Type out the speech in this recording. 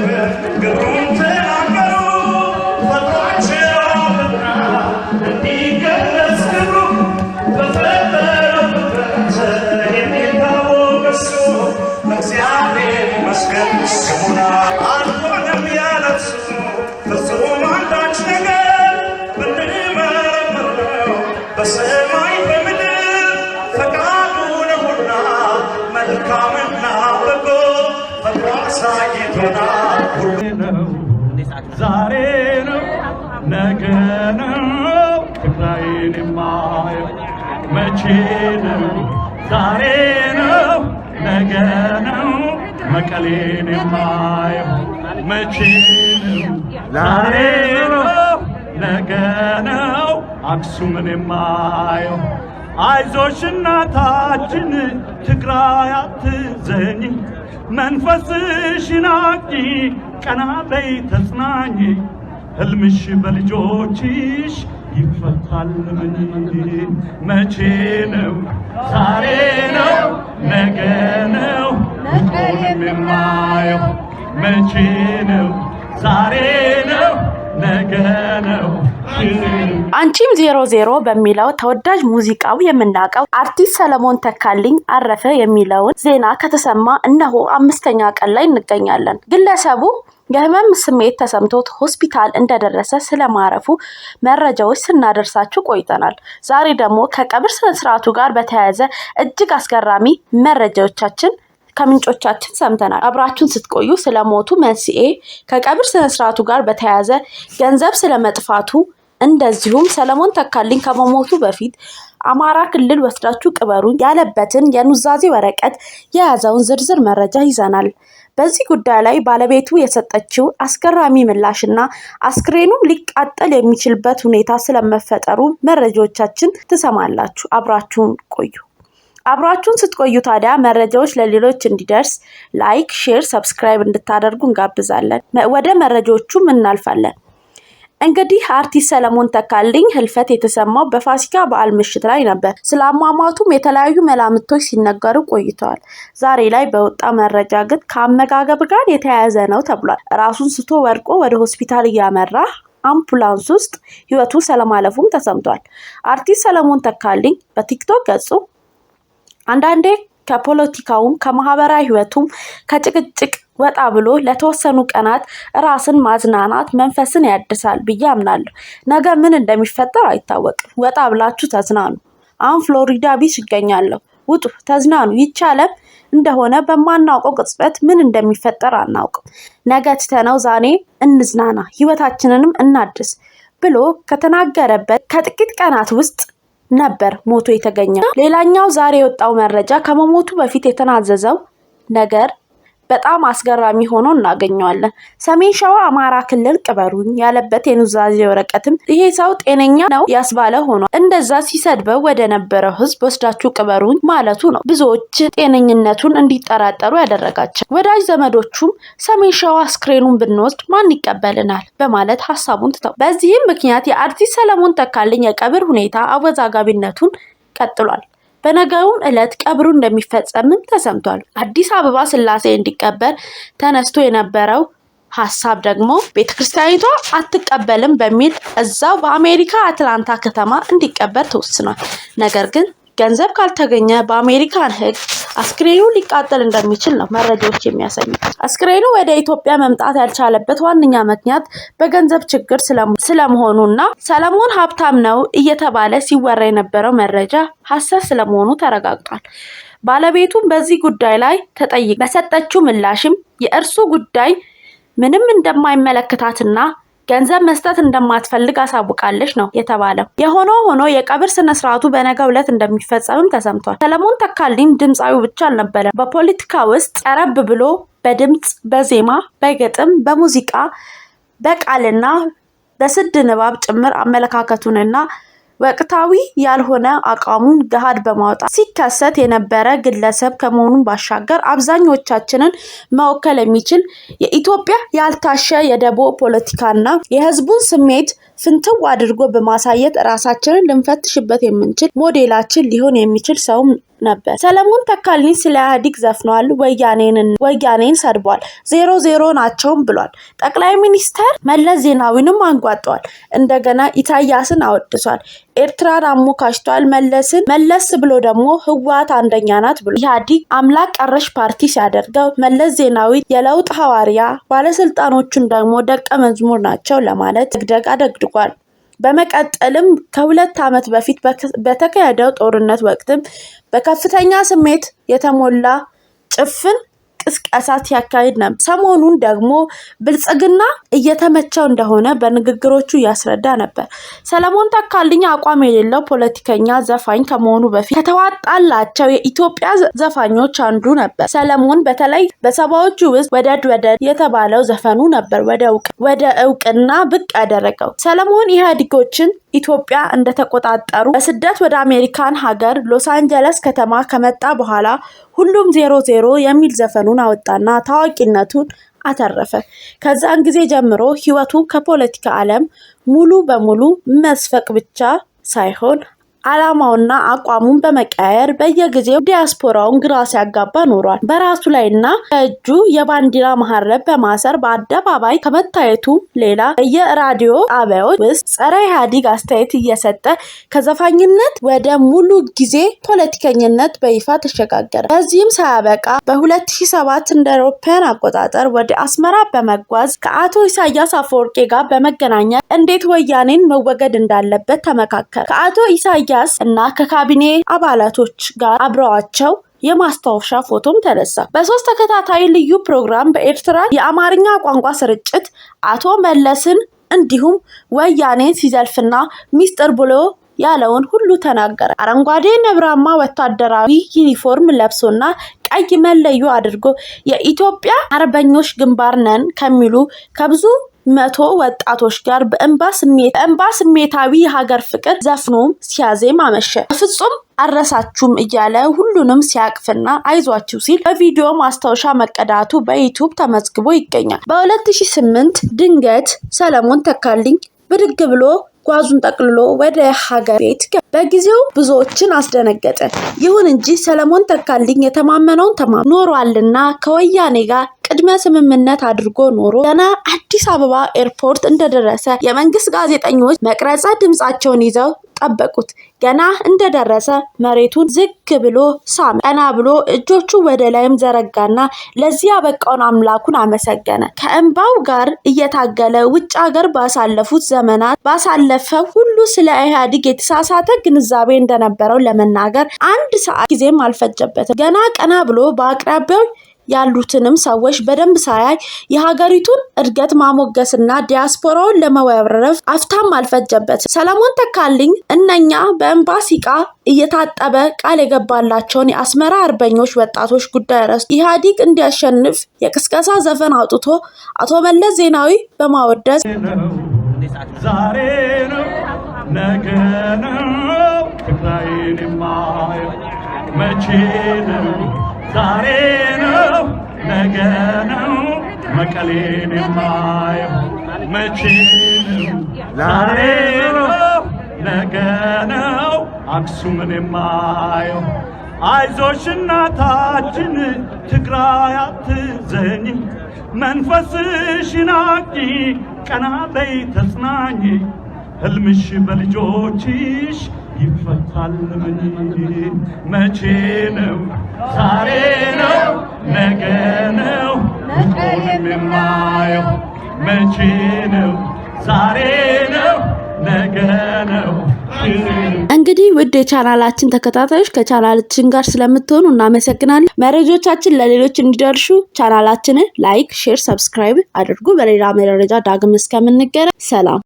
тебе герой. ነው ትግራይን የማየው መቼ ነው? ዛሬ ነው ነገ መቀሌን የማየው መቼ ነው? ዛሬ ነው ነገ ነው አክሱምን የማየው አይዞሽ እናታችን ትግራይ አትዘኝ፣ መንፈስሽን አድርጊ፣ ቀና በይ ተጽናኝ ህልምሽ በልጆችሽ ይፈታል ምን መቼ ነው ዛሬ ነው ነገ ነው ውስጡን የምናየው መቼ ነው ዛሬ ነው ነገ ነው አንቺም ዜሮ ዜሮ በሚለው ተወዳጅ ሙዚቃው የምናውቀው አርቲስት ሰለሞን ተካልኝ አረፈ የሚለውን ዜና ከተሰማ እነሆ አምስተኛ ቀን ላይ እንገኛለን ግለሰቡ የህመም ስሜት ተሰምቶት ሆስፒታል እንደደረሰ ስለማረፉ መረጃዎች ስናደርሳችሁ ቆይተናል። ዛሬ ደግሞ ከቀብር ስነስርዓቱ ጋር በተያያዘ እጅግ አስገራሚ መረጃዎቻችን ከምንጮቻችን ሰምተናል። አብራችሁን ስትቆዩ ስለ ሞቱ መንስኤ፣ ከቀብር ስነስርዓቱ ጋር በተያያዘ ገንዘብ ስለመጥፋቱ እንደዚሁም ሰለሞን ተካልኝ ከመሞቱ በፊት አማራ ክልል ወስዳችሁ ቅበሩን ያለበትን የኑዛዜ ወረቀት የያዘውን ዝርዝር መረጃ ይዘናል። በዚህ ጉዳይ ላይ ባለቤቱ የሰጠችው አስገራሚ ምላሽና አስክሬኑ ሊቃጠል የሚችልበት ሁኔታ ስለመፈጠሩ መረጃዎቻችን ትሰማላችሁ። አብራችሁን ቆዩ። አብራችሁን ስትቆዩ ታዲያ መረጃዎች ለሌሎች እንዲደርስ ላይክ፣ ሼር፣ ሰብስክራይብ እንድታደርጉ እንጋብዛለን። ወደ መረጃዎቹም እናልፋለን። እንግዲህ አርቲስት ሰለሞን ተካልኝ ህልፈት የተሰማው በፋሲካ በዓል ምሽት ላይ ነበር። ስለ አሟሟቱም የተለያዩ መላምቶች ሲነገሩ ቆይተዋል። ዛሬ ላይ በወጣ መረጃ ግን ከአመጋገብ ጋር የተያያዘ ነው ተብሏል። ራሱን ስቶ ወድቆ ወደ ሆስፒታል እያመራ አምፑላንስ ውስጥ ህይወቱ ስለማለፉም ተሰምቷል። አርቲስት ሰለሞን ተካልኝ በቲክቶክ ገጹ አንዳንዴ ከፖለቲካውም ከማህበራዊ ህይወቱም ከጭቅጭቅ ወጣ ብሎ ለተወሰኑ ቀናት ራስን ማዝናናት መንፈስን ያድሳል ብዬ አምናለሁ። ነገ ምን እንደሚፈጠር አይታወቅም። ወጣ ብላችሁ ተዝናኑ። አሁን ፍሎሪዳ ቢች ይገኛለሁ። ውጡ፣ ተዝናኑ። ይች እንደሆነ በማናውቀው ቅጽበት ምን እንደሚፈጠር አናውቅም። ነገ ትተነው ዛሬ እንዝናና፣ ህይወታችንንም እናድስ ብሎ ከተናገረበት ከጥቂት ቀናት ውስጥ ነበር ሞቶ የተገኘው። ሌላኛው ዛሬ የወጣው መረጃ ከመሞቱ በፊት የተናዘዘው ነገር በጣም አስገራሚ ሆኖ እናገኘዋለን። ሰሜን ሸዋ አማራ ክልል ቅበሩኝ ያለበት የኑዛዜ ወረቀትም ይሄ ሰው ጤነኛ ነው ያስባለ ሆኖ እንደዛ ሲሰድበው ወደ ነበረው ህዝብ ወስዳችሁ ቅበሩኝ ማለቱ ነው ብዙዎች ጤነኝነቱን እንዲጠራጠሩ ያደረጋቸው። ወዳጅ ዘመዶቹም ሰሜን ሸዋ አስክሬኑን ብንወስድ ማን ይቀበልናል በማለት ሀሳቡን ትተው፣ በዚህም ምክንያት የአርቲስት ሰለሞን ተካልኝ የቀብር ሁኔታ አወዛጋቢነቱን ቀጥሏል። በነገውም ዕለት ቀብሩ እንደሚፈጸምም ተሰምቷል። አዲስ አበባ ስላሴ እንዲቀበር ተነስቶ የነበረው ሀሳብ ደግሞ ቤተክርስቲያኒቷ አትቀበልም በሚል እዛው በአሜሪካ አትላንታ ከተማ እንዲቀበር ተወስኗል። ነገር ግን ገንዘብ ካልተገኘ በአሜሪካን ሕግ አስክሬኑ ሊቃጠል እንደሚችል ነው መረጃዎች የሚያሳዩት። አስክሬኑ ወደ ኢትዮጵያ መምጣት ያልቻለበት ዋነኛ ምክንያት በገንዘብ ችግር ስለመሆኑ እና ሰለሞን ሀብታም ነው እየተባለ ሲወራ የነበረው መረጃ ሀሰት ስለመሆኑ ተረጋግጧል። ባለቤቱም በዚህ ጉዳይ ላይ ተጠይቅ በሰጠችው ምላሽም የእርሱ ጉዳይ ምንም እንደማይመለከታትና ገንዘብ መስጠት እንደማትፈልግ አሳውቃለች ነው የተባለው። የሆነ ሆኖ የቀብር ስነ ስርዓቱ በነገ ዕለት እንደሚፈጸምም ተሰምቷል። ሰለሞን ተካልኝ ድምፃዊ ብቻ አልነበረም። በፖለቲካ ውስጥ ጠረብ ብሎ በድምፅ፣ በዜማ፣ በግጥም፣ በሙዚቃ፣ በቃልና በስድ ንባብ ጭምር አመለካከቱንና ወቅታዊ ያልሆነ አቋሙን ገሃድ በማውጣት ሲከሰት የነበረ ግለሰብ ከመሆኑን ባሻገር አብዛኞቻችንን መወከል የሚችል የኢትዮጵያ ያልታሸ የደቦ ፖለቲካና የህዝቡን ስሜት ፍንትው አድርጎ በማሳየት ራሳችንን ልንፈትሽበት የምንችል ሞዴላችን ሊሆን የሚችል ሰውም ነበር። ሰለሞን ተካልኒ ስለ ኢህአዴግ ዘፍኗል፣ ወያኔን ሰድቧል፣ ዜሮ ዜሮ ናቸውም ብሏል። ጠቅላይ ሚኒስተር መለስ ዜናዊንም አንጓጠዋል። እንደገና ኢሳያስን አወድሷል። ኤርትራን አሞካሽቷል። መለስን መለስ ብሎ ደግሞ ህወሓት አንደኛ ናት ብሎ ኢህአዲግ አምላክ ቀረሽ ፓርቲ ሲያደርገው መለስ ዜናዊ የለውጥ ሐዋርያ ባለስልጣኖቹን ደግሞ ደቀ መዝሙር ናቸው ለማለት ደግደግ አደግድጓል። በመቀጠልም ከሁለት ዓመት በፊት በተካሄደው ጦርነት ወቅትም በከፍተኛ ስሜት የተሞላ ጭፍን ቅስቀሳ ሲያካሂድ ነው። ሰሞኑን ደግሞ ብልጽግና እየተመቸው እንደሆነ በንግግሮቹ እያስረዳ ነበር። ሰለሞን ተካልኝ አቋም የሌለው ፖለቲከኛ ዘፋኝ ከመሆኑ በፊት ከተዋጣላቸው የኢትዮጵያ ዘፋኞች አንዱ ነበር። ሰለሞን በተለይ በሰባዎቹ ውስጥ ወደድ ወደድ የተባለው ዘፈኑ ነበር ወደ እውቅና ብቅ ያደረገው። ሰለሞን ኢህአዴጎችን ኢትዮጵያ እንደተቆጣጠሩ በስደት ወደ አሜሪካን ሀገር ሎስ አንጀለስ ከተማ ከመጣ በኋላ ሁሉም ዜሮ ዜሮ የሚል ዘፈኑን አወጣና ታዋቂነቱን አተረፈ። ከዛን ጊዜ ጀምሮ ህይወቱ ከፖለቲካ ዓለም ሙሉ በሙሉ መስፈቅ ብቻ ሳይሆን ዓላማውና አቋሙን በመቀየር በየጊዜው ዲያስፖራውን ግራ ሲያጋባ ኖሯል። በራሱ ላይና በእጁ የባንዲራ መሀረብ በማሰር በአደባባይ ከመታየቱ ሌላ በየራዲዮ ጣቢያዎች ውስጥ ጸረ ኢህአዲግ አስተያየት እየሰጠ ከዘፋኝነት ወደ ሙሉ ጊዜ ፖለቲከኝነት በይፋ ተሸጋገረ። በዚህም ሳያበቃ በ2007 እንደ አውሮፓውያን አቆጣጠር ወደ አስመራ በመጓዝ ከአቶ ኢሳያስ አፈወርቄ ጋር በመገናኘት እንዴት ወያኔን መወገድ እንዳለበት ተመካከረ። ከአቶ ኢሳያ ከኢሳያስ እና ከካቢኔ አባላቶች ጋር አብረዋቸው የማስታወሻ ፎቶም ተነሳ። በሶስት ተከታታይ ልዩ ፕሮግራም በኤርትራ የአማርኛ ቋንቋ ስርጭት አቶ መለስን እንዲሁም ወያኔን ሲዘልፍና ሚስጥር ብሎ ያለውን ሁሉ ተናገረ። አረንጓዴ ነብራማ ወታደራዊ ዩኒፎርም ለብሶና ቀይ መለዮ አድርጎ የኢትዮጵያ አርበኞች ግንባር ነን ከሚሉ ከብዙ መቶ ወጣቶች ጋር በእንባ ስሜታዊ የሀገር ፍቅር ዘፍኖም ሲያዜም አመሸ። በፍጹም አረሳችሁም እያለ ሁሉንም ሲያቅፍና አይዟችሁ ሲል በቪዲዮ ማስታወሻ መቀዳቱ በዩቱብ ተመዝግቦ ይገኛል። በ2008 ድንገት ሰለሞን ተካልኝ ብድግ ብሎ ጓዙን ጠቅልሎ ወደ ሀገር ቤት በጊዜው ብዙዎችን አስደነገጠ። ይሁን እንጂ ሰለሞን ተካልኝ የተማመነውን ተማ ኖሯልና ከወያኔ ጋር ቅድመ ስምምነት አድርጎ ኖሮ ገና አዲስ አበባ ኤርፖርት እንደደረሰ የመንግስት ጋዜጠኞች መቅረጸ ድምጻቸውን ይዘው ጠበቁት። ገና እንደደረሰ መሬቱን ዝግ ብሎ ሳመ። ቀና ብሎ እጆቹ ወደ ላይም ዘረጋና ለዚህ ያበቃውን አምላኩን አመሰገነ። ከእንባው ጋር እየታገለ ውጭ ሀገር ባሳለፉት ዘመናት ባሳለፈ ሁሉ ስለ ኢህአዴግ የተሳሳተ ግንዛቤ እንደነበረው ለመናገር አንድ ሰዓት ጊዜም አልፈጀበትም። ገና ቀና ብሎ በአቅራቢያው ያሉትንም ሰዎች በደንብ ሳያይ የሀገሪቱን እድገት ማሞገስና ዲያስፖራውን ለመወረፍ አፍታም አልፈጀበት። ሰለሞን ተካልኝ እነኛ በእንባ ቃ እየታጠበ ቃል የገባላቸውን የአስመራ አርበኞች ወጣቶች ጉዳይ ረስቶ ኢህአዲግ እንዲያሸንፍ የቅስቀሳ ዘፈን አውጥቶ አቶ መለስ ዜናዊ በማወደስ ዛሬ ነው ነገ ነው ትግራይን የማየው መቼ ነው ዛሬ ነገ ነው መቀሌን የማየው መቼ ዛሬ ነው ነገ ነው አክሱምን የማየው አይዞሽ እናታችን ትግራይ አትዘኝ መንፈስሽን አቂ ቀና በይ ተጽናኝ ህልምሽ በልጆችሽ ይፈታል። ምን መቼ ነው ዛሬ ነው ነገ ነው መቼ ነው ዛሬ ነው ነገ ነው እንግዲህ ውድ የቻናላችን ተከታታዮች ከቻናላችን ጋር ስለምትሆኑ እናመሰግናለን። መረጃዎቻችን ለሌሎች እንዲደርሹ ቻናላችንን ላይክ፣ ሼር፣ ሰብስክራይብ አድርጉ። በሌላ መረጃ ዳግም እስከምንገረ ሰላም።